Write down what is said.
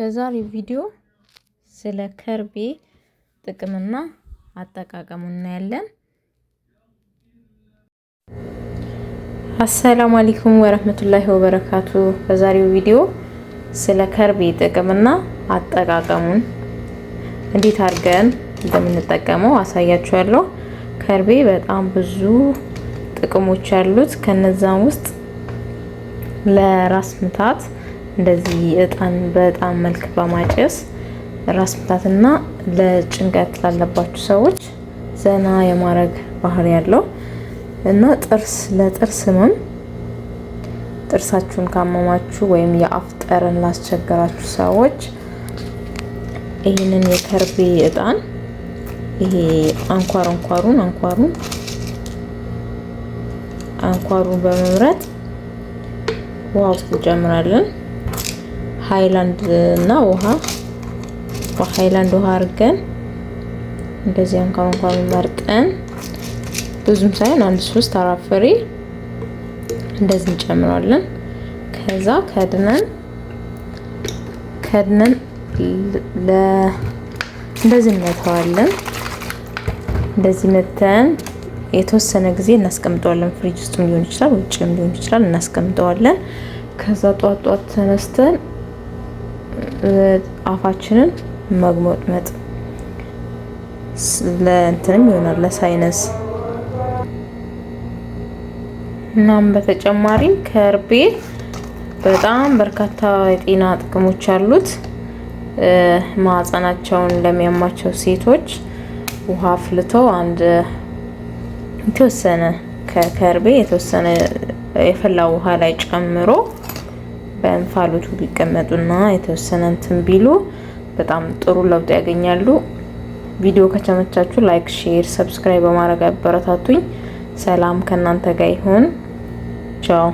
በዛሬ ቪዲዮ ስለ ከርቤ ጥቅምና አጠቃቀሙ እናያለን። አሰላሙ አለይኩም ወረህመቱላሂ ወበረካቱ። በዛሬው ቪዲዮ ስለ ከርቤ ጥቅምና አጠቃቀሙን እንዴት አድርገን እንደምንጠቀመው አሳያችኋለሁ። ከርቤ በጣም ብዙ ጥቅሞች አሉት። ከነዛም ውስጥ ለራስ ምታት እንደዚህ እጣን በጣም መልክ በማጨስ ራስ ምታትና ለጭንቀት ላለባችሁ ሰዎች ዘና የማድረግ ባህሪ ያለው እና ጥርስ ለጥርስ ህመም ጥርሳችሁን ካመማችሁ ወይም የአፍ ጠረን ላስቸገራችሁ ሰዎች ይህንን የከርቤ እጣን ይሄ አንኳር አንኳሩን አንኳሩን አንኳሩን በመምረጥ ውሃ ውስጥ እንጨምራለን። ሃይላንድ እና ውሃ በሃይላንድ ውሃ አድርገን እንደዚህ እንኳን እንኳን መርጠን ብዙም ሳይሆን አንድ ሶስት አራት ፍሬ እንደዚህ እንጨምረዋለን። ከዛ ከድነን ከድነን ለ እንደዚህ እንመተዋለን። እንደዚህ መተን የተወሰነ ጊዜ እናስቀምጠዋለን። ፍሪጅ ውስጥም ሊሆን ይችላል፣ ውጭም ሊሆን ይችላል። እናስቀምጠዋለን። ከዛ ጧት ጧት ተነስተን አፋችንን መግሞጥመጥ ለእንትንም ይሆናል ለሳይነስ። እናም በተጨማሪም ከርቤ በጣም በርካታ የጤና ጥቅሞች አሉት። ማህፀናቸውን ለሚያማቸው ሴቶች ውሃ አፍልተው አንድ የተወሰነ ከከርቤ የተወሰነ የፈላ ውሃ ላይ ጨምሮ በእንፋሎቱ ቢቀመጡና የተወሰነ እንትን ቢሉ በጣም ጥሩ ለውጥ ያገኛሉ። ቪዲዮ ከቸመቻችሁ ላይክ፣ ሼር፣ ሰብስክራይብ በማድረግ አበረታቱኝ። ሰላም ከእናንተ ጋር ይሁን። ቻው